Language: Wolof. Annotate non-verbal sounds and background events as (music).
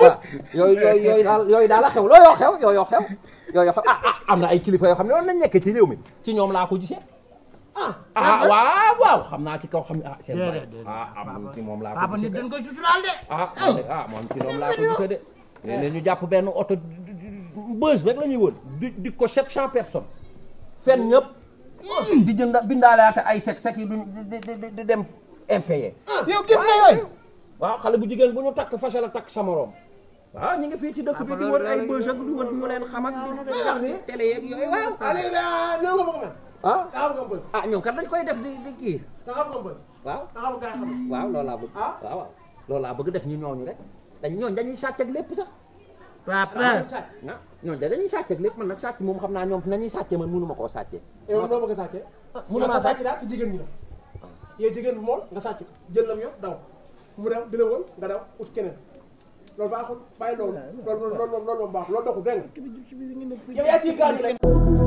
waaw (laughs) yooyu yooyu yooyu daal yooyu daal a xew loo yoo xew yooyu xew yooyu xew ah ah am na ay kilifa yoo xam ne noonu lañ nekk ci réew mi ci ñoom laa ko gisee ah ah waaw waaw xam naa ci kaw xam ne ah seen ah, moom laa ko gisee dañ koy suturaal de ah ah, ah moom ci ñoom laa ko gisee de léeg-léeg ñu jàpp benn oto bës rek la ñuy di di ko chaque cent personnes fenn ñëpp hmm. di jën jënd bindaalaate ay sec sec yi duñ di dem impayé ah, yow gis nga yooyu waaw xale bu jigéen bu ñu takk fase takk sa morom waaw ah, ñu ngi fii ci dëkk bi ah, di wër ay bëj ak di wër ñu leen xam ak di télé yeeg yooyu waaw ah. Aliou néew nga bëgg na ah da nga dañ koy def di di kii da xam nga bëgg waaw da xam waaw loolu laa bëgg def ñu ñooñu rek dañ ñooñu dañuy sàcc lépp sax papa ah ñooñu da dañuy sàcc ak lépp man nag sàcc moom xam naa ñoom nañuy sàcce man mënuma koo sàcce yow eh, loo bëgg a sàcce mënuma sàcc daal si jigéen ñi la yow jigéen nga sàcc ko jël lam yëpp daw mu dem di la wër nga daw ut keneen loolu baaxul bàyyi loolu loolu loolu moom baax loolu doxul dégg nga yow yaa ciy gaañu rek